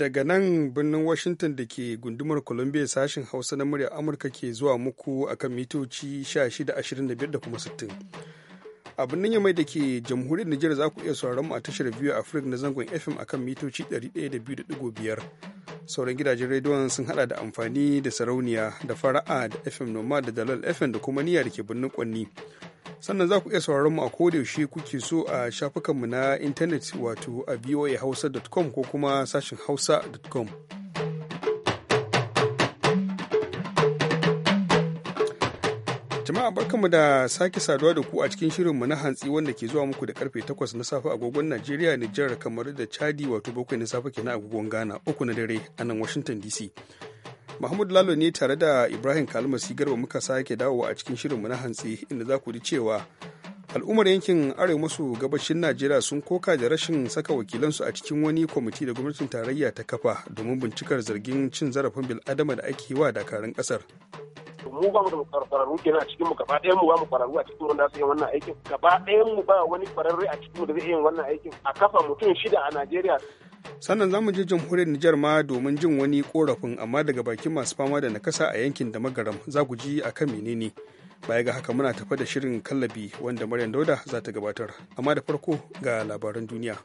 daga nan birnin Washington da ke gundumar Columbia sashen Hausa na muryar Amurka ke zuwa muku akan mitoci 1625 da kuma 60. a birnin yamai da ke jamhuriyar Nijar za ku iya sauraron mu a tashar biyu Afrik na zangon FM akan mitoci 102.5 sauran gidajen rediyon sun hada da amfani da sarauniya da fara'a da FM Noma da Dalal FM da kuma niyya da ke birnin Kwanni sannan za ku iya sauraron mu a kodayaushe kuke so a shafukanmu na intanet wato a voahausa.com ko kuma sashin hausa.com Jama'a barkanmu da sake saduwa da ku a cikin shirinmu na hantsi wanda ke zuwa muku da karfe 8 na safe agogon Najeriya, Nijar, kamar da Chadi wato bakwai na safe kenan agogon Ghana, uku na dare a nan Washington DC. Mahmud Lalo ne tare da Ibrahim Kalmasi Garba muka sake dawowa a cikin shirinmu na hantsi inda za ku ji cewa al'ummar yankin arewa maso gabashin Najeriya sun koka da rashin saka wakilansu a cikin wani kwamiti da gwamnatin tarayya ta kafa domin bincikar zargin cin zarafin bil'adama da ake yi wa dakarun kasar. mu ba mu da kwararru kenan a cikin mu gaba ɗayan mu ba mu kwararru a cikin wanda su yi wannan aikin gaba ɗayan mu ba wani kwararre a cikin mu da zai yin wannan aikin a kafa mutum shida a Najeriya sannan za mu je jamhuriyar Nijar ma domin jin wani korafin amma daga bakin masu fama da nakasa a yankin da magaram za ku ji akan menene baya ga haka muna tafa da shirin kallabi wanda Maryam Dauda za ta gabatar amma da farko ga labaran duniya.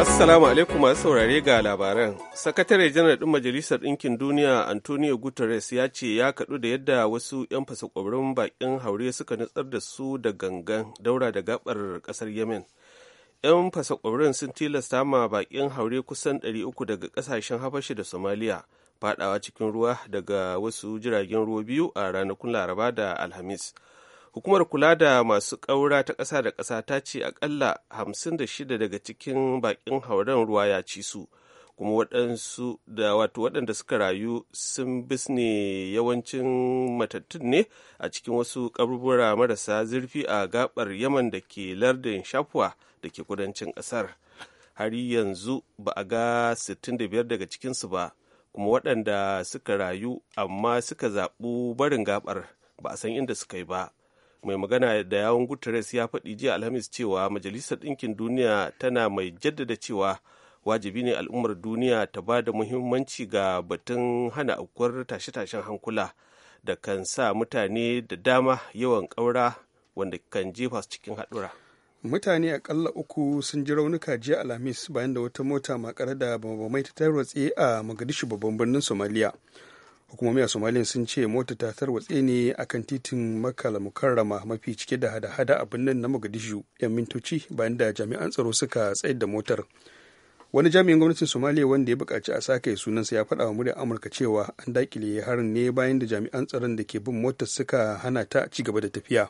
Assalamu alaikum masu saurare ga labaran. Sakatare janar ɗin Majalisar Ɗinkin Duniya Antonio Guterres ya ce ya kaɗu da yadda wasu 'yan fasakwabrin baƙin haure suka nutsar da su da gangan daura da gaɓar ƙasar Yemen. 'Yan fasakwabrin sun tilasta ma baƙin haure kusan 300 daga ƙasashen Habashi da Somalia faɗawa cikin ruwa daga wasu jiragen ruwa biyu a ranakun Laraba da Alhamis. hukumar kula da masu ƙaura ta ƙasa da ƙasa ta ce akalla 56 daga cikin bakin hauren ruwa ya ci su kuma waɗansu da wato waɗanda suka rayu sun bisne yawancin matattun ne a cikin wasu ƙabubura marasa zurfi a gabar yaman da ke lardin shafuwa da ke kudancin ƙasar har yanzu ba a ga 65 daga cikinsu ba kuma waɗanda suka rayu amma suka zaɓu barin gabar ba a san inda suka yi ba mai magana da yawon guterres ya faɗi jiya alhamis cewa majalisar ɗinkin duniya tana mai jaddada cewa wajibi ne al'ummar duniya ta ba da muhimmanci ga batun hana aukuwar tashe-tashen hankula da kan sa mutane da dama yawan ƙaura wanda kan jefa su cikin haɗura. mutane akalla uku sun ji raunuka jiya alhamis bayan da wata mota makare da bambamai ta tarwatse a magadishu babban birnin somaliya hukumomi a somaliya sun ce mota ta tarwatse ne akan titin makala mukarrama mafi cike da hada-hada a birnin na mogadishu yan mintoci bayan da jami'an tsaro suka tsayar da motar wani jami'in gwamnatin somaliya wanda ya buƙaci a sake sunansa ya faɗa wa muryar amurka cewa an dakile harin ne bayan da jami'an tsaron da ke bin motar suka hana ta ci gaba da tafiya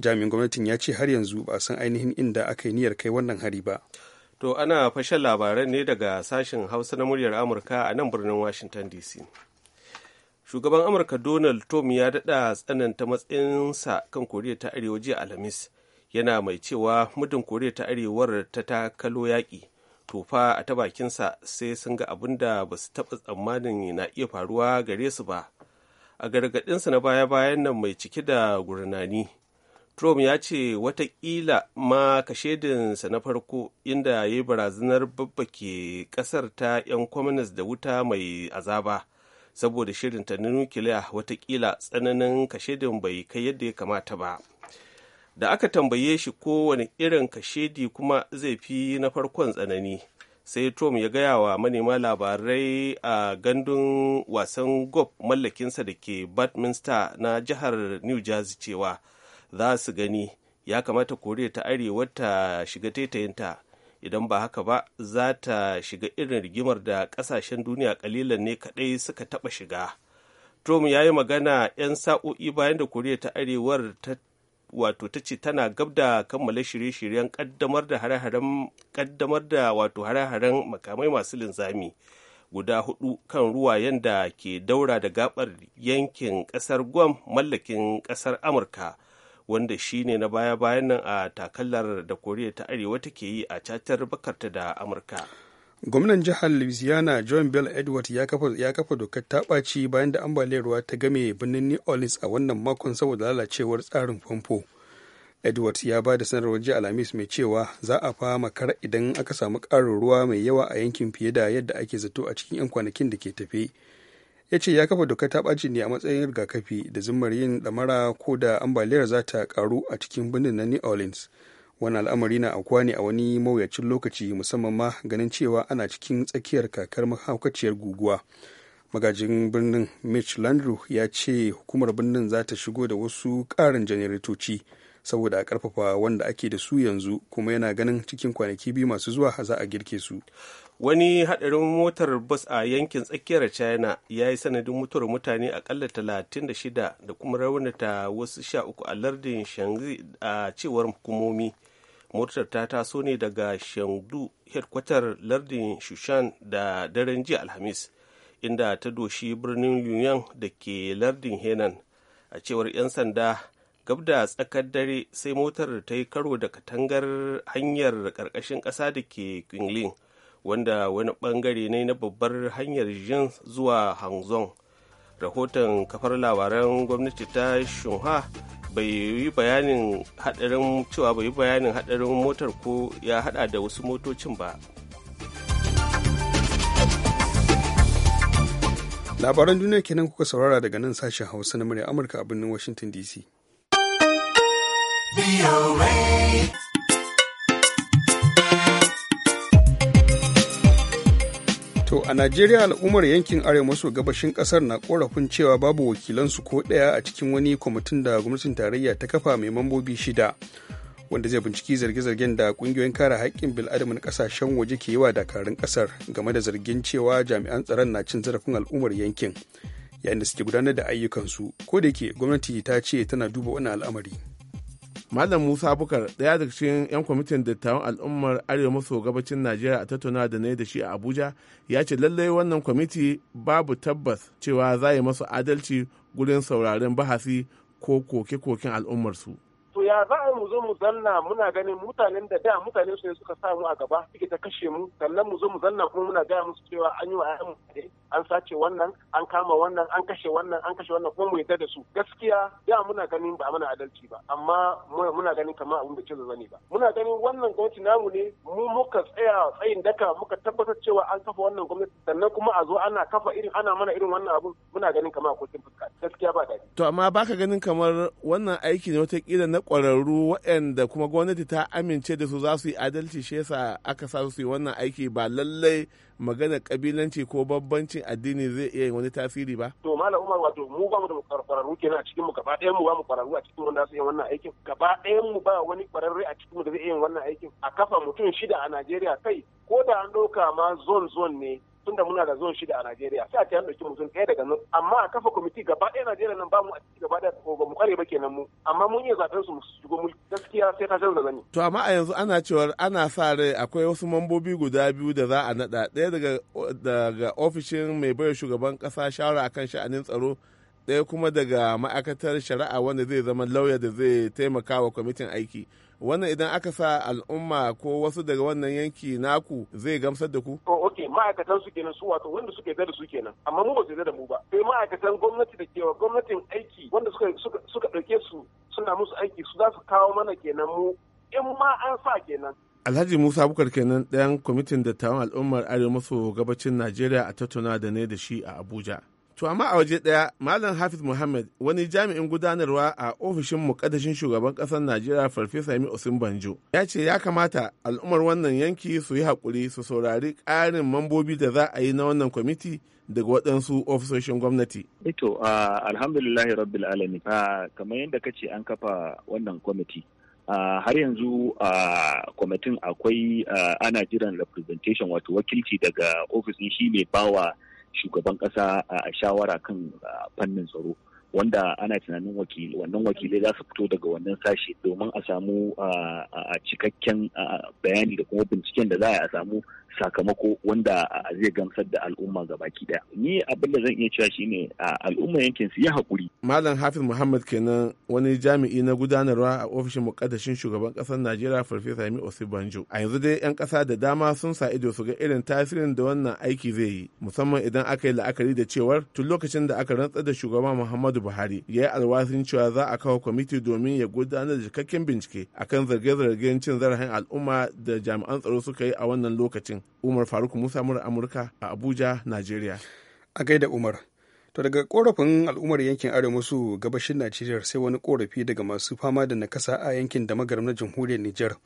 jami'in gwamnatin ya ce har yanzu ba a san ainihin inda aka yi niyyar kai wannan hari ba to ana fashe labaran ne daga sashen hausa na muryar amurka a nan birnin washington dc shugaban amurka donald trump ya daɗa tsananta matsayinsa kan koriya ta arewa jiya alhamis yana mai cewa muddin koriya ta arewar ta takalo yaƙi to a ta bakinsa sai sun ga abin da ba su taɓa tsammanin na iya faruwa gare su ba a gargaɗinsa na baya-bayan nan mai cike da gurnani trump ya ce watakila ma kashedinsa na farko inda ya yi barazanar babbake ƙasar ta 'yan kwaminis da wuta mai azaba saboda shirinta na nukiliya watakila tsananin kashedin bai kai yadda ya kamata ba da aka tambaye shi kowane irin kashedi kuma zai fi na farkon tsanani sai tom ya gaya wa manema labarai a gandun wasan golf mallakinsa da ke badminster na jihar new jersey cewa za su gani ya kamata koriya ta arewa ta shiga taitayinta idan ba haka ba za ta shiga irin rigimar da kasashen duniya kalilan ne kadai suka taba shiga trump ya yi magana 'yan sa'o'i bayan da koriya ta arewar ta wato ta ce tana gab da kammala shirye-shiryen kaddamar da hare-haren kaddamar da wato hare-haren makamai masu linzami guda hudu kan ruwa da ke daura da gabar yankin kasar guam mallakin kasar amurka wanda shi ne na baya-bayan nan a takallar da koriya ta arewa take yi a catar bakarta da amurka gwamnan jihar louisiana john bell edward ya kafa dokar taɓaci bayan da ambaliyar ruwa ta game birnin new orleans a wannan makon saboda lalacewar tsarin famfo edward ya ba da sanarwar ji alhamis mai cewa za a fama kar idan aka samu ƙarin ruwa mai yawa a yankin fiye da yadda ake zato a cikin 'yan kwanakin da ke tafe ya ce ya kafa doka ta ɓaci ne a matsayin rigakafi da zimmar yin ɗamara ko da ambaliyar za ta karu a cikin birnin na new orleans wani al'amari na aukuwa ne a wani mawuyacin lokaci musamman ma ganin cewa ana cikin tsakiyar kakar mahaukaciyar guguwa magajin birnin mitch landrew ya ce hukumar birnin za ta shigo da wasu ƙarin janaretoci saboda a karfafa wanda ake da su yanzu kuma yana ganin cikin kwanaki biyu masu zuwa za a girke su wani hadarin motar bus a yankin tsakiyar china ya yi sanadin mutuwar mutane akalla talatin da shida da kuma raunata wasu sha uku a lardin shanzi a cewar hukumomi motar ta taso ne daga shangdu headkwatar lardin shushan da daren jiya alhamis inda ta doshi birnin yunyan da ke lardin henan a cewar 'yan sanda gab da tsakar dare sai motar ta yi karo da katangar hanyar karkashin ƙasa da ke Qinglin wanda wani bangare ne na babbar hanyar jin zuwa Hangzong. Rahoton kafar labaran gwamnati ta Shunha bai yi bayanin hadarin cewa bai yi bayanin hadarin motar ko ya hada da wasu motocin ba. Labaran duniya kenan kuka saurara daga nan sashen Hausa na murya Amurka a birnin Washington DC. a najeriya al'ummar yankin arewa maso gabashin kasar na korafin cewa babu wakilansu ko ɗaya a cikin wani kwamitin da gwamnatin tarayya ta kafa mai mambobi shida wanda zai binciki zarge-zargen da ƙungiyoyin kare haƙƙin bil'adamin ƙasashen waje ke yi wa dakarun ƙasar game da zargin cewa jami'an tsaron na cin zarafin al'ummar yankin yayin da suke gudanar da ayyukansu ko da ke gwamnati ta ce tana duba wani al'amari Malam Musa Bukar ɗaya daga cikin 'yan kwamitin dattawan al'ummar Arewa maso gabacin Najeriya a tattauna da na da shi a Abuja ya ce lallai wannan kwamiti babu tabbas cewa za yi masu adalci gurin sauraren bahasi ko koke-koken al'ummarsu. to ya za mu zo mu zanna muna ganin mutanen da da mutane su ne suka sa mu a gaba suke ta kashe mu sannan mu zo mu zanna kuma muna gaya musu cewa an yi wa mu mutane an sace wannan an kama wannan an kashe wannan an kashe wannan kuma mu yadda da su gaskiya da muna ganin ba mana adalci ba amma muna ganin kamar abin da cizo zani ba muna ganin wannan gwamnati namu ne mu muka tsaya tsayin daka muka tabbatar cewa an kafa wannan gwamnati sannan kuma a zo ana kafa irin ana mana irin wannan abun muna ganin kamar akwai fuska gaskiya ba daɗi to amma baka ganin kamar wannan aiki ne watakila na ƙwararru waɗanda kuma gwamnati ta amince da su za su yi adalci shi yasa aka sa su yi wannan aiki ba lallai magana kabilanci ko babbancin addini zai iya yin wani tasiri ba. To malam Umar wato mu ba mu da kwararru kenan a cikin mu gaba ɗayan mu ba mu kwararru a cikin wanda su yi wannan aikin gaba ɗayan mu ba wani kwararre a cikin mu da zai iya yin wannan aikin a kafa mutum shida a Najeriya kai ko da an ɗauka ma zon zon ne tunda muna da zon shida a Najeriya sai a ce an mutum ɗaya daga nan amma a kafa kwamiti gaba ɗaya Najeriya nan ba mu a ciki gaba ɗaya ko ba mu kware ba kenan mu amma mun yi zaben su shigo mu gaskiya sai ta canza zani to amma a yanzu ana cewa ana sa rai akwai wasu mambobi guda biyu da za a naɗa ɗaya daga ofishin mai baiwa shugaban kasa shawara akan sha'anin tsaro ɗaya kuma daga ma'aikatar shari'a wanda zai zama lauya da zai taimaka wa kwamitin aiki wannan idan aka sa al'umma ko wasu daga wannan yanki naku zai gamsar da ku? Oh, ok ma'aikatan su kenan su wato wanda suka da su kenan amma mu ba su da mu ba sai ma'aikatan gwamnati da kewa gwamnatin aiki wanda suka suka ɗauke su suna musu aiki su za su kawo mana kenan mu in ma an sa kenan Alhaji Musa Bukar kenan ɗayan kwamitin dattawan al'ummar Arewa maso gabacin Najeriya a tattauna da ne da shi a Abuja. To amma a waje ɗaya Malam Hafiz Muhammad wani jami'in gudanarwa a ofishin mukaddashin shugaban ƙasar Najeriya Farfesa Yemi Banjo ya ce ya kamata al'ummar wannan yanki su yi haƙuri su saurari ƙarin mambobi da za a yi na wannan kwamiti daga waɗansu ofisoshin gwamnati. Ito eh alhamdulillahi rabbil kamar yadda ka ce an kafa wannan kwamiti Uh, har yanzu uh, kwamitin akwai uh, ana jiran representation wato wakilci daga ofishin shi mai bawa shugaban ƙasa a shawara kan fannin tsaro wanda ana tunanin wannan wakilai za su fito daga wannan sashe domin a samu a cikakken bayani da kuma binciken da za a samu sakamako wanda zai gamsar da al'umma ga baki daya ni abin da zan iya cewa shine al'umma yankin su yi hakuri malam hafiz muhammad kenan wani jami'i na gudanarwa a ofishin mukaddashin shugaban kasar najeriya farfesa yami osibanjo a yanzu dai yan kasa da dama sun sa ido su ga irin tasirin da wannan aiki zai yi musamman idan aka yi la'akari da cewar tun lokacin da aka rantsar da shugaban muhammadu buhari ya yi alwasin cewa za a kawo kwamiti domin ya gudanar da cikakken bincike akan zarge-zargen cin zarafin al'umma da jami'an tsaro suka yi a wannan lokacin umar faruk musa mura amurka a abuja najeriya a gaida umar to daga korafin al'ummar yankin arewa masu gabashin najeriya sai wani korafi daga masu fama da nakasa a yankin da magaram na jamhuriyar nijar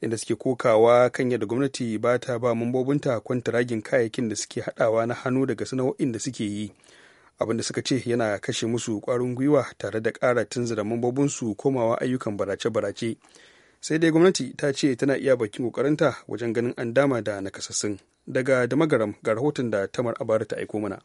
inda suke kokawa kan yadda gwamnati ba ta ba mambobinta ragin kayayyakin da suke hadawa na hannu daga sana'o'in da suke yi abin da suka ce yana kashe musu kwarin gwiwa tare da ƙara tunzura mambobinsu komawa ayyukan barace-barace sai dai gwamnati ta ce tana iya bakin kokarinta wajen ganin an dama da nakasassun daga da magaram ga rahoton da tamar abara ta aiko mana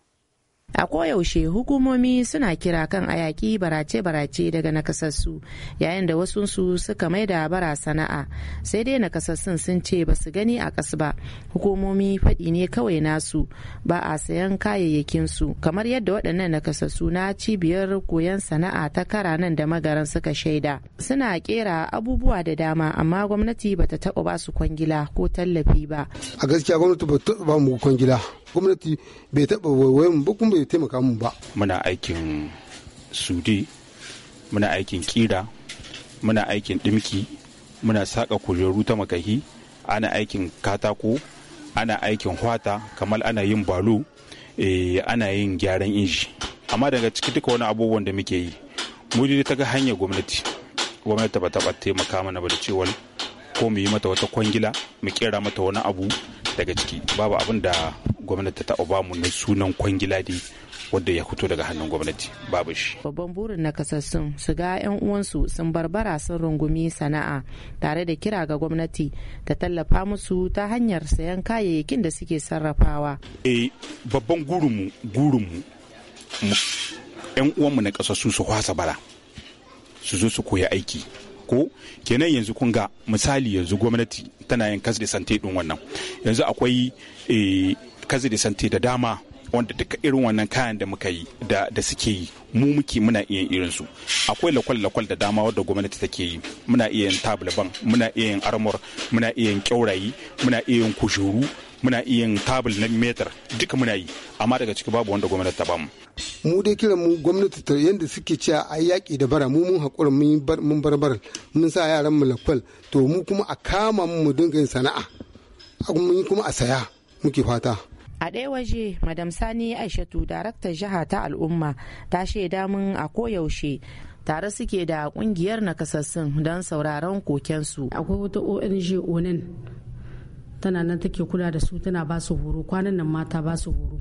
a koyaushe hukumomi suna kira kan ayaki barace-barace daga nakasassu yayin da wasunsu suka mai da bara sana'a sai dai nakasassun sun ce ba su gani a ƙasa ba hukumomi faɗi ne kawai nasu ba a sayan kayayyakinsu kamar yadda waɗannan nakasassu na cibiyar koyon sana'a ta kara nan da magaran suka shaida suna kera abubuwa da dama amma gwamnati ba ta taɓa ba su kwangila ko tallafi ba a gaskiya gwamnati ba mu kwangila gwamnati bai taɓa wayoyin ba kuma bai taimaka mu ba muna aikin sudi muna aikin kira muna aikin dimki muna saka kujeru ta makahi ana aikin katako ana aikin hwata kamar ana yin balo eh, ana yin gyaran inji amma daga ciki duka wani abubuwan da muke yi mu ta ga hanyar gwamnati gwamnati ba bata taimaka mana ba da cewa ko mu yi mata wata kwangila mu kera mata wani abu daga ciki babu abin da gwamnati ta obama na sunan kwangila wadda ya fito daga hannun gwamnati babu shi. Babban burin na sun su ga 'yan uwansu sun barbara sun rungumi sana'a tare da kira ga gwamnati ta tallafa musu ta hanyar sayan kayayyakin da suke sarrafawa. E, babban gurinmu gurinmu 'yan uwanmu na kasassu su kwasa bara su zo su koya aiki ko kenan yanzu kun ga misali yanzu gwamnati tana yin kas da sante din wannan yanzu akwai eh, kazi da da dama wanda duka irin wannan kayan da muka yi da suke yi mu muke muna iya irin su akwai lakwal lakwal da dama wadda gwamnati take yi muna iya yin tabulban muna iya yin armor muna iya yin kyaurayi muna iya yin kushuru muna iya yin tabul na metar duka muna yi amma daga ciki babu wanda gwamnati ta bamu mu dai kiran mu gwamnati ta yanda suke cewa a yaƙi da bara mu mun haƙura mun bar mun sa yaran mu lakwal to mu kuma a kama mu dinga yin sana'a kuma a saya muke fata a ɗaya waje madam sani aishatu daraktar jiha ta al'umma ta shaida mun a koyaushe tare suke da kungiyar nakasassun don sauraron kokensu akwai wata ong onin tana nan take kula da su tana ba su horo kwanan nan mata ba su horo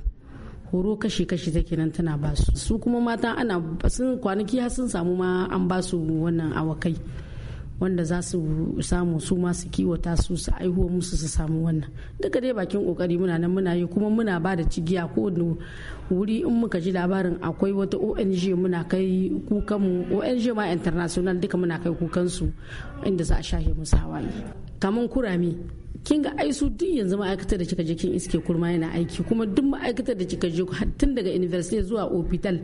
horo kashi-kashi take nan tana ba su su kuma mata ana sun kwanaki har sun samu ma an ba su wannan awakai wanda za su samu su masu kiwata su su aihuwa musu su samu wannan duka dai bakin kokari muna nan muna yi kuma muna ba da cigiya ko wuri in muka ji labarin akwai wata ONG muna kai kukan ONG ma international duka muna kai kukan su inda za a shahe musu hawaye kaman kurame kin ga ai su duk yanzu ma'aikatar da kika je kin iske kurma yana aiki kuma duk ma'aikatar da kika je tun daga university zuwa hospital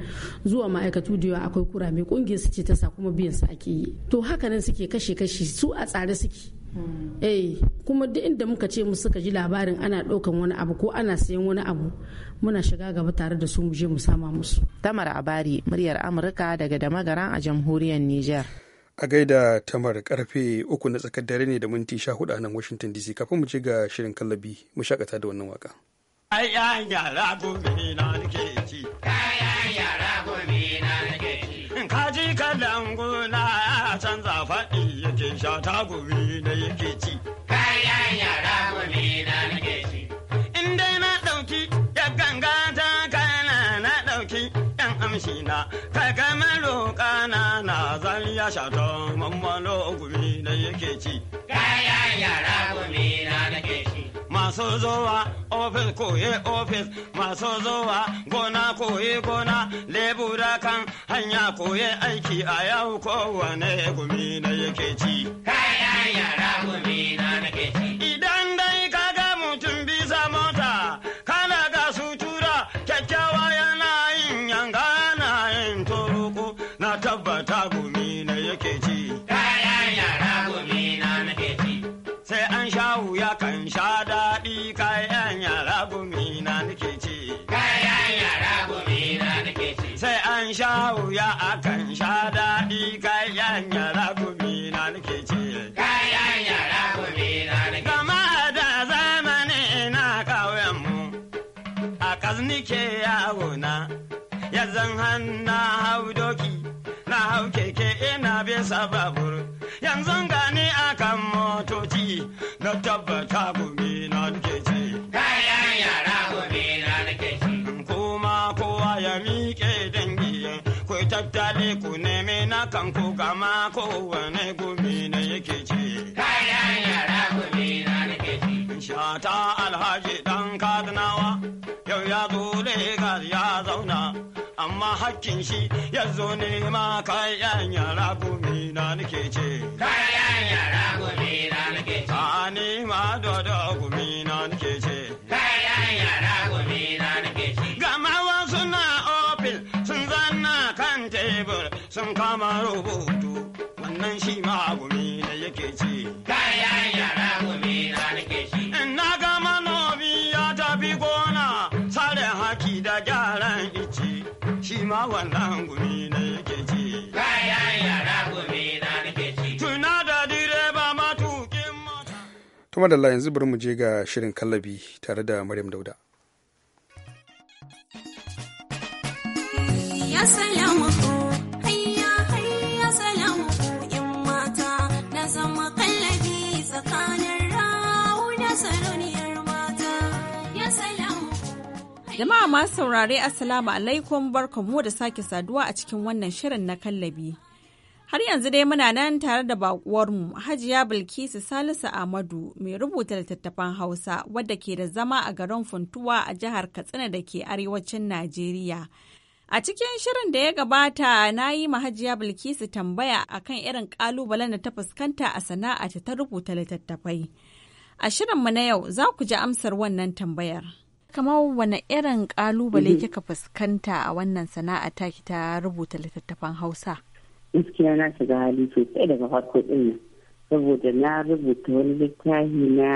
zuwa ma'aikatu da yawa akwai kurame kungiyar su ce ta sa kuma biyan su ake yi to haka nan suke kashe kashe su a tsare suke hmm. eh kuma duk inda muka ce mu suka ji labarin ana ɗaukan wani abu ko ana sayan wani abu muna shiga gaba tare da su mu je mu sama musu tamar abari muryar amurka daga damagaran a jamhuriyar niger a gaida tamar karfe uku na tsakar dare ne da minti sha hudu a nan washington dc kafin mu ci ga shirin kallabi mu shakata da wannan waka Kayan yara gumi na nake ci. Kayan yara gumi na nake ci. Kaji kalan guna canza faɗi yake sha gumi na yake ci. Kayan yara gumi na nake ci. In dai na ɗauki ya ganga ta kana na ɗauki 'yan amshi na. Kaga maroƙa na zan ya sha ci. Kaya yara gumi na nake ci. Masu zowa ofis koye ofis, masu zowa gona koye gona, lebura kan hanya koye aiki a yau kowane gumi na yake ci. Kaya yara gumi na nake ci. sha wuya akan sha daɗi kayan yara gumi na nake ce. Kayan yara gumi na nake kama da zamani na mu a kaznike yawo ya zan hannu hau doki na hau keke ina bisa babur yanzu gani akan motoci na tabbata gumi na alkali ku nemi na ku gama wane gumi na yake ce. Kayan yara gumi na nake ce. Shata alhaji dan kadinawa yau ya zo Legas ya zauna amma hakkin shi ya zo nema kayan yara gumi na nake ce. Kayan yara gumi na nake ce. Sani ma dodo gumi na nake ce. kama rubutu wannan shi ma gumi da yake ci. Kaya yara gumi na nake shi. Ina ga manomi ya tafi gona sare haki da gyaran ici shi ma wannan gumi da yake ci. Kaya yara gumi na nake ci. Tuna da direba matukin mota. Tuma da yanzu bari mu je ga shirin kallabi tare da Maryam Dauda. Jama'a masu saurare Assalamu alaikum barkamu da sake saduwa a cikin wannan shirin na kallabi. Har yanzu dai muna nan tare da bakuwarmu Hajiya Bilkisu Salisu Ahmadu mai rubuta littattafan Hausa wadda ke da zama a garin Funtuwa a jihar Katsina da ke arewacin Najeriya. A cikin shirin da ya gabata na yi ma Hajiya Bilkisu tambaya a kan irin kalubalen da ta fuskanta a sana'a ta rubuta littattafai. A shirin mu na yau za ku ji amsar wannan tambayar. kamar wani irin kalubale mhm. kika fuskanta a wannan sana'a ta ki ta rubuta littattafan hausa gaskiya na shiga hali sosai daga farko din saboda na rubuta wani littafi na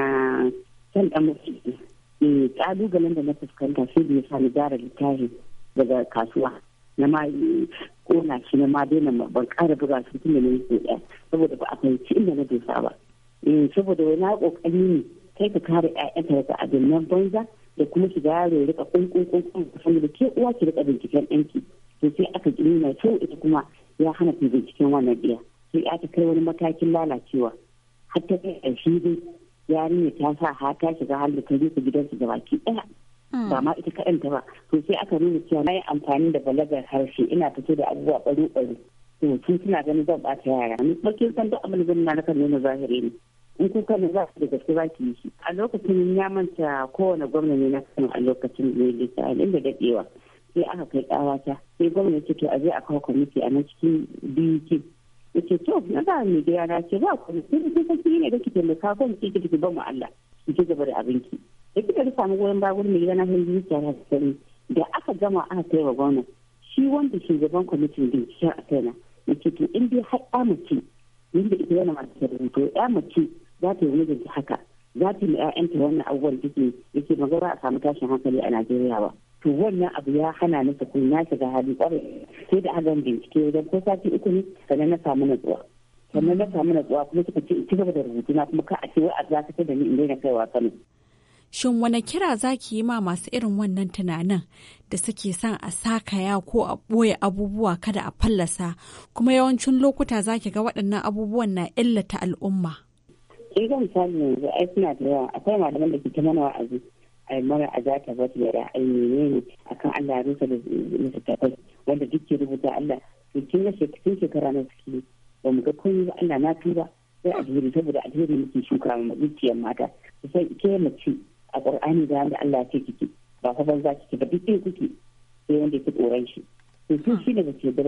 can dan mutum eh, kalubalen da na fuskanta sai da sa ni gyara littafi daga kasuwa na ma kona shi na ma daina ban kara buga su tun da na yi saboda ba a fahimci inda na dosa ba eh, saboda wani kokari ne kai ka kare 'ya'yanka daga abin nan banza da kuma ki yaro ya rika kunkun kunkun kusan da ke uwa ki rika binciken ɗanki to sai aka ƙi nuna kyau ita kuma ya hana ki binciken wannan ɗaya sai ya ta kai wani matakin lalacewa har ta kai ƙarshe dai yarinya ta sa ha ta shiga halin ta rufe gidansu da baki ɗaya hmm. ba ma ita kaɗan ta ba to sai aka nuna cewa na yi amfani da balagar harshe ina fito da abubuwa ɓaru-ɓaru to suna ganin zan ɓata yara ni bakin san duk abin da zan na kan nuna zahiri ne in kuka da za da gaske ba ki yi shi a lokacin ya manta kowane gwamna ne na kan a lokacin da ya ta inda da sai aka kai kawata sai gwamna ce to a zai a kawo kwamiti a na cikin biyu ce to na ba ni da yara ce ba kuma sai da kake ne da kike maka gwamna ce kike ba mu Allah ki ji gaba da abinki da kika da samu goyon bayan mai gida na hin zuciya na sani da aka gama aka kai wa gwamna shi wanda shugaban kwamitin shi a kaina na ce to in dai har ya mace yadda ita yana masu rubutu ya mace za ta yi mijinta haka za ta yi ‘ya'yanta wannan abubuwan ke yake ba a samu tashin hankali a Najeriya ba. To wannan abu ya hana ni kuma na shiga hali kwarai sai da azan bincike wajen ko sati uku ne sannan na samu natsuwa. Sannan na samu natsuwa kuma suka ce ci gaba da rubutu na kuma ka a ce wai a za da ni in daina kai wa Kano. Shin wani kira za ki yi ma masu irin wannan tunanin da suke son a sakaya ko a ɓoye abubuwa kada a fallasa kuma yawancin lokuta za ga waɗannan abubuwan na illata al'umma. ke zan misali yanzu ai suna da yawa akwai malaman da ke ta mana wa'azi a mara a za ta yara da ra'ayi ne ne akan Allah rusa da littattafai wanda duk ke rubuta Allah to kin ga shekarun shekara na suke ba mu ga komai ba Allah na tuba sai a jiri saboda a jiri muke shuka ma dukiyar mata sai ke mace a ƙur'ani da yadda Allah ce kike ba fa banza kike ba duk kuke sai wanda ya fi ƙoran shi to shi ne da ke da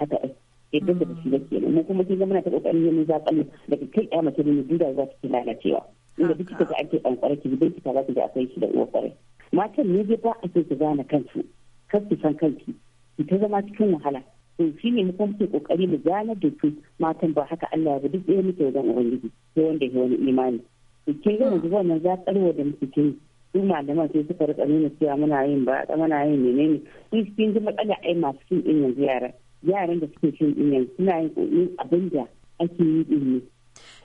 haka ai yadda eh, da shi yake nan mun kuma kin ga muna ta kokarin yin zakalin daga kai ya mace ne inda za ta ki lalacewa inda duk da ake kankare ki duk ta za ta ga akwai shi da uwa kwarai matan ne dai ba a so ki gane kansu kar ki san kanki ki ta zama cikin wahala to shi ne mu kuma ke kokari mu zana da su matan ba haka Allah ba duk ɗaya muke wajen ubangiji ko wanda ya wani imani to kin ga yanzu wannan zakarwa da muke yi su malaman sai suka rika nuna cewa muna yin ba muna yin menene sun cikin ji matsala ai masu cin ɗin yanzu yara yaran da suke cin ɗinyan suna yin abin da ake yi ilimi.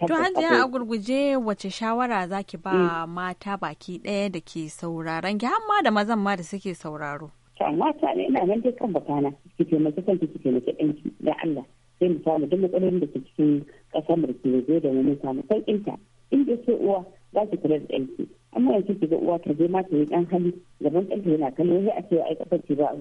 To hajiya a gurguje wace shawara za ki ba mm. mata baki ɗaya da ke sauraron ki hamma da mazan ma da suke sauraro. To mata ne ina nan dai kan bakana ki taimaki kanki ki taimaki ɗanki da Allah sai mu samu duk matsalolin da ke cikin ƙasar mu da ke zo da mu samu kan inta in da sai uwa za ki kula da ɗanki amma yanzu ki ga uwa ta je mata ta yi ɗan hali gaban ɗanta yana kallo sai a ce ai kafar ki ba a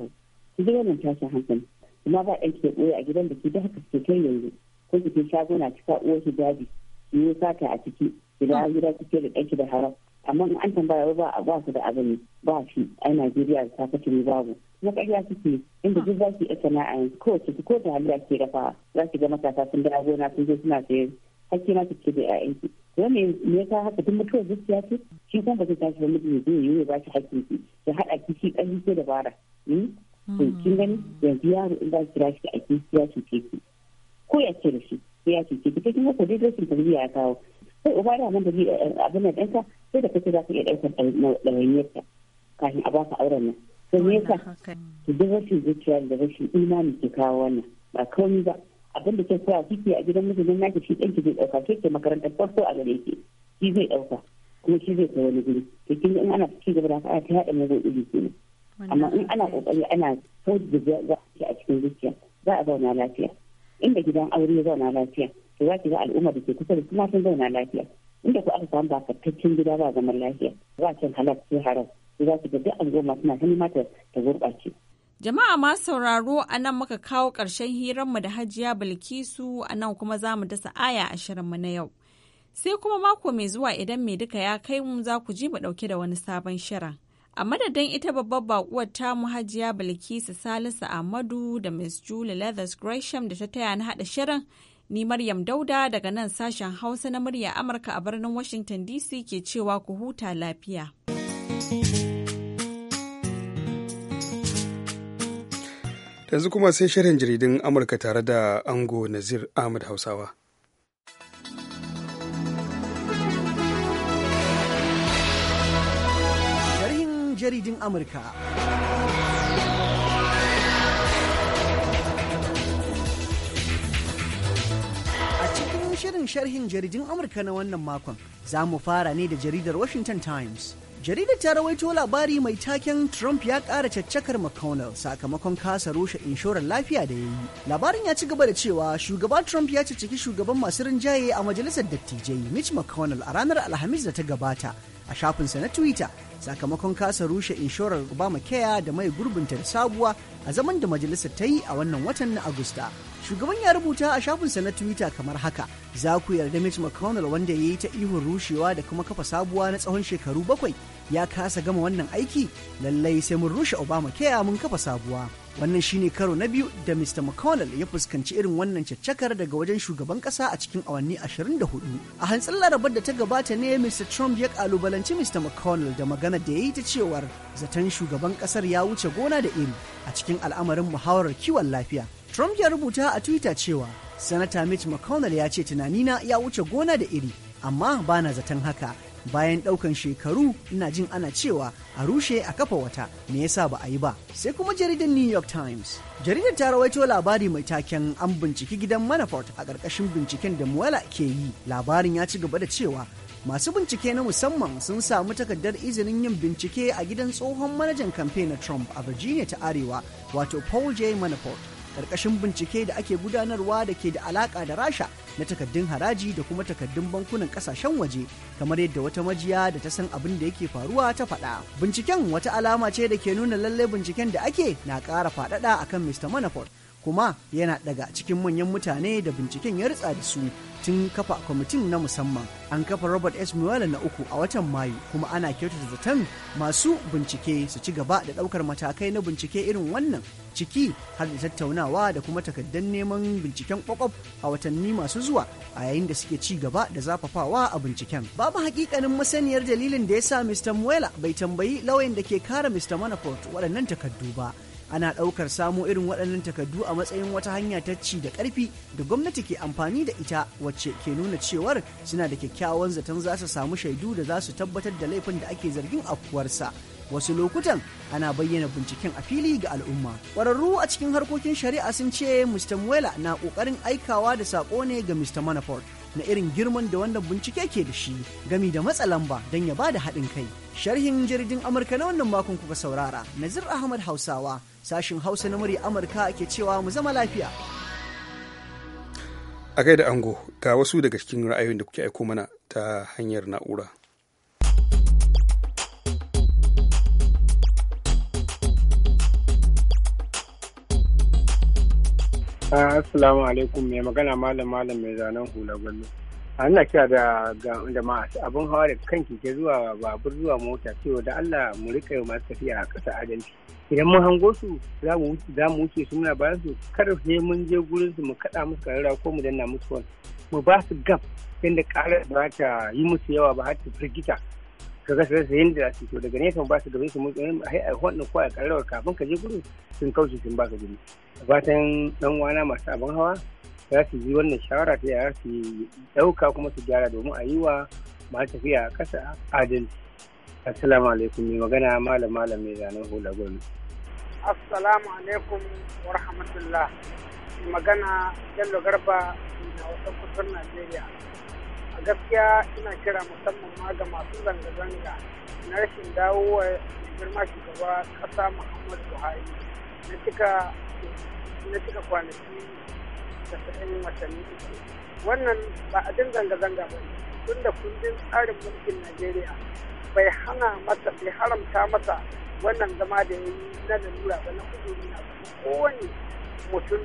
ki ga wannan tashin hankali kuma ba ɗan ke ɓoye a gidan da ke da haka ke kai yanzu ko ki shaguna ki uwar hijabi ki yi sata a ciki ki da gida suke da ɗanki da haram amma an tambaya ba a ba su da abin ba shi a Najeriya da ta ne babu kuma ƙarya suke inda duk za su yi a yanzu ko ki ko da haliya ke dafa za ki ga matasa sun dawo gona sun je suna sayar hakki na su da 'ya'yanki wani me yasa haka tun mutuwar zuciya ce shi kuma ba zai tashi ba mutum zai yi ya ba shi hakkin ki ya haɗa kiki shi ƙarfi da bara. Hmm? to mm. kin gani yanzu yaro in ki kira shi a cikin ya cuce ko ya ce da shi ya cuce ko kuma ko daidai sun tarbiyya ya kawo sai uba da nan da eh, abin nan ɗanka sai da kace za ka iya ɗaukar ɗawainiyarka kafin a baka auren nan Ko me yasa ki duk rashin zuciya da rashin imani ke kawo wannan ba kawai ba abin da ke koya kike a gidan na naki shi ki zai ɗauka ke ke makarantar farko a gare ki shi zai ɗauka kuma ki zai kai wani guri to kin in ana ci gaba da haka ta yaɗa mugun iri kenan amma in ana kokari ana kawai da za a cikin zuciya za a zauna lafiya inda gidan aure ya zauna lafiya to za ki ga al'umma da ke kusa da su ma sun zauna lafiya inda ku aka samu bakataccen gida ba zaman lafiya ba cin halal sai haram za ki ga duk an suna hannu mata ta gurɓace. Jama'a ma sauraro a nan muka kawo ƙarshen hiranmu da hajiya Bilkisu a nan kuma za mu dasa aya ashirin mu na yau. Sai kuma mako mai zuwa idan mai duka ya kai mu za ku ji mu ɗauke da wani sabon shirin. A madadin ita babbar bakuwar tamu hajiya Bilkisu Salisu Ahmadu da Miss Julie Leathers Gresham da ta taya na haɗa shirin ni Maryam Dauda daga nan sashen Hausa na murya Amurka a birnin Washington DC ke cewa ku huta lafiya. Yanzu kuma sai shirin jaridun Amurka tare da Ango Nazir Ahmad Hausawa. jaridin Amurka. A cikin shirin sharhin jaridin Amurka na wannan makon za mu fara ne da jaridar Washington Times. jaridar ta rawaito labari mai taken trump ya kara caccakar mcconnell sakamakon kasa rushe inshorar lafiya da ya yi labarin ya ci gaba da cewa shugaba trump ya caccaki shugaban masu rinjaye a majalisar dattijai mitch mcconnell a ranar alhamis da ta gabata a shafinsa na twitter sakamakon kasa rushe inshorar obamacare da mai gurbinta da sabuwa a zaman da majalisa ta yi a wannan watan na agusta shugaban ya rubuta a shafinsa na twitter kamar haka za ku yarda mitch mcconnell wanda ya yi ta ihun rushewa da kuma kafa sabuwa na tsawon shekaru bakwai ya kasa gama wannan aiki lallai sai mun rushe obamacare mun kafa sabuwa wannan shine karo na biyu da mr mcconnell ya fuskanci irin wannan caccakar daga wajen shugaban kasa a cikin awanni 24 a hantsin larabar da ta gabata ne mr trump ya kalubalanci mr mcconnell da magana da ya yi ta cewar zaton shugaban kasar ya wuce gona da iri a cikin al'amarin muhawarar kiwon lafiya trump ya rubuta a twitter cewa "Senator mitch mcconnell ya ce tunanina ya wuce gona da iri amma bana zaton haka bayan ɗaukan shekaru ina jin ana cewa a rushe a kafa wata me yasa ba a yi ba sai kuma jaridar new york times jaridar ta rawaito labari mai taken an binciki gidan manafort a ƙarƙashin binciken da muwala ke yi labarin ya ci gaba da cewa masu bincike na musamman sun samu takardar izinin yin bincike a gidan tsohon manajan kamfe na trump a virginia ta arewa wato paul j manafort Ƙarƙashin bincike da ake gudanarwa da ke da alaƙa da rasha na takaddun haraji da kuma takaddun bankunan ƙasashen waje kamar yadda wata majiya da ta san abin da yake faruwa ta faɗa binciken wata alama ce da ke nuna lallai binciken da ake na ƙara faɗaɗa akan mr manafort kuma yana daga cikin manyan mutane da binciken ya ritsa da su tun kafa kwamitin na musamman an kafa robert s mueller na uku a watan mayu kuma ana kyautata zaton masu bincike su ci gaba da daukar matakai na bincike irin wannan ciki har da tattaunawa da kuma takaddan neman binciken kwakwaf a watanni masu zuwa a yayin da suke ci gaba da zafafawa a binciken babu hakikanin masaniyar dalilin da ya sa mr mueller bai tambayi lauyan da ke kare mr manafort waɗannan takaddu ba ana ɗaukar samo irin waɗannan takardu a matsayin wata hanya ta ci da ƙarfi da gwamnati ke amfani da ita wacce ke nuna cewar suna da kyakkyawan zaton za su samu shaidu da za su tabbatar da laifin da ake zargin afkuwarsa wasu lokutan ana bayyana binciken a fili ga al'umma ƙwararru a cikin harkokin shari'a sun ce mr muela na ƙoƙarin aikawa da saƙo ne ga mr manafort na irin girman da wannan bincike ke da shi gami da matsa lamba don ya ba da haɗin kai sharhin jirgin amurka na wannan makon kuka saurara nazir ahmad hausawa sashin hausa na murya amurka ke cewa mu zama lafiya a kai da ango ga wasu daga cikin ra'ayoyin da kuke aiko mana ta hanyar na'ura ah, Assalamu alaikum mai magana malam malam mai zanen hula gwallo. ana ah, kira da da masu abin hawa da kanki keke zuwa babur zuwa mota cewa da Allah mu rika masu tafiya a ƙasa adalci idan mun hango su za mu wuce su muna bayan su kar mun je gurin su mu kaɗa musu karara ko mu danna musu wani mu ba su gab yadda karar ba ta yi musu yawa ba har ta firgita ka ga su rasa yadda su to daga nesa ba su gaban su mutum ai ai wannan ko a karrawar kafin ka je gurin sun kauce sun ba ka gudu fatan dan wana masu abin hawa za su yi wannan shawara ta yara su ɗauka kuma su gyara domin a yi wa masu tafiya a ƙasa adalci assalamu alaikum mai magana malam malam mai zanen hula gwamnati assalamu alaikum wa rahmatullah magana jallo garba na wasan kusur najeriya a gaskiya ina kira musamman ma ga masu zanga-zanga na rashin dawo wa girma shugaba ƙasa muhammadu buhari na cika na cika kwanaki da sa'in watanni uku wannan ba abin zanga-zanga ba tun da kundin tsarin mulkin najeriya bai hana masa bai haramta masa wannan zama da ya yi na lalura ba na kuduri na kowane mutum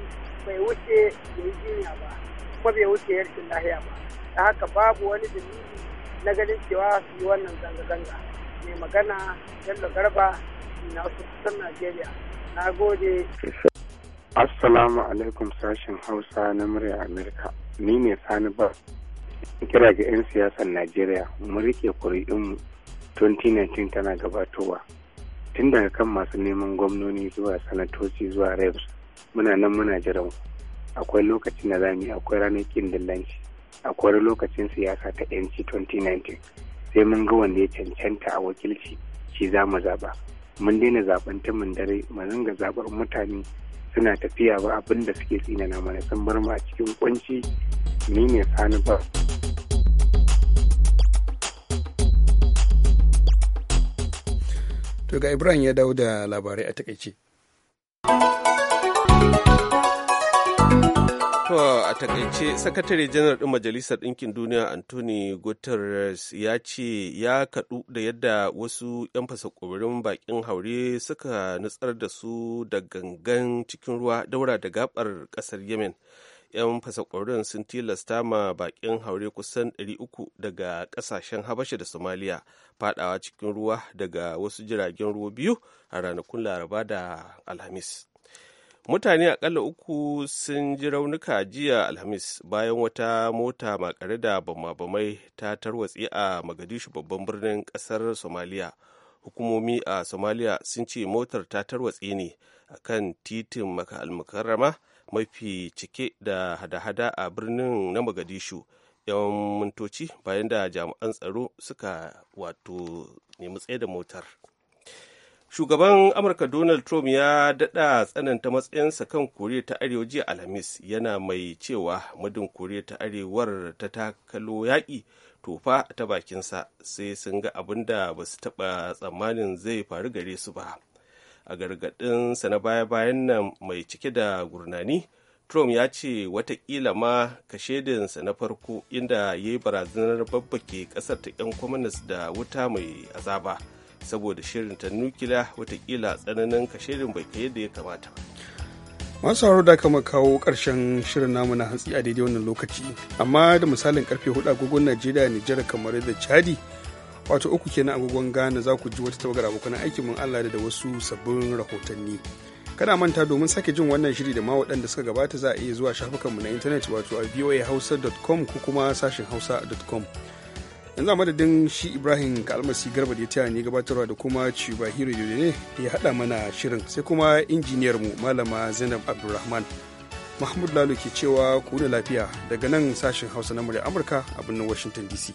bai wuce ya yi jinya ba kuma bai wuce ya lahiya ba da haka babu wani dalili na ganin cewa su yi wannan zanga-zanga mai magana bello garba na su kusan najeriya na gode assalamu alaikum sashen hausa na murya amerika ni ne sani ba kira ga 'yan siyasar najeriya mu rike kuri'in 2019 tana gabatowa tun daga kan masu neman gwamnoni zuwa sanatoci zuwa reps muna nan muna jiran akwai lokacin da zami akwai ranar kin dillanci akwai lokacin siyasa ta yanci 2019 sai mun ga wanda ya cancanta a wakilci shi za mu zaɓa mun daina zaɓen ta mun dare mu zanga zaɓar mutane suna tafiya ba abin da suke tsinana mana sun bar mu a cikin kunci ni ne sani ba to ga ibrahim ya dawo da labarai a takaice a takaice sakatare janar ɗin majalisar ɗinkin duniya Anthony Guterres ya ce ya kaɗu da yadda wasu 'yan fasa fasakobirin baƙin haure suka nutsar da su da gangan cikin ruwa daura da gabar ƙasar Yemen. 'yan fasakwarin sun tilasta ma bakin haure kusan 300 daga ƙasashen habasha da somaliya fadawa cikin ruwa daga wasu jiragen ruwa biyu a ranakun laraba da alhamis mutane akalla uku sun ji raunuka jiya alhamis bayan wata mota makare da bamabamai ta tarwatsi a magadishu babban birnin kasar somaliya hukumomi a somaliya sun ce motar ta tarwatsi ne a kan titin maka almukarrama mafi cike da hada-hada a birnin na Mogadishu yawan mintoci bayan da jami'an tsaro suka wato nemi tsaye da motar. Shugaban Amurka Donald Trump ya daɗa tsananta matsayinsa kan Koriya ta Arewa jiya Alhamis yana mai cewa mudin Koriya ta Arewar ta takalo yaƙi tofa ta bakinsa sai sun ga abin da ba su taɓa tsammanin zai faru gare su ba. a sa na baya-bayan nan mai cike da gurnani trump ya ce watakila ma kashedinsa na farko inda ya yi barazanar babbake kasar ta 'yan kwamanas da wuta mai azaba saboda shirin ta nukiliya watakila tsananin kashedin bai kai da ya kamata masu haro da kama kawo karshen shirin namu na hantsi a daidai wannan lokaci amma da misalin karfe hudu agogon najeriya nijar kamar da chadi wato uku kenan agogon Ghana za ku ji wata tawagar abokan aikin mun Allah da wasu sabbin rahotanni. Kada manta domin sake jin wannan shiri da ma waɗanda suka gabata za a iya zuwa shafukanmu na intanet wato a voahausa.com ko kuma sashin hausa.com. yanzu a madadin shi ibrahim kalmasi garba da ya taya ne gabatarwa da kuma chibahiro hiro ne ya haɗa mana shirin sai kuma injiniyar mu malama zainab abdulrahman mahmud lalo ke cewa ku da lafiya daga nan sashin hausa na murya amurka a birnin washington dc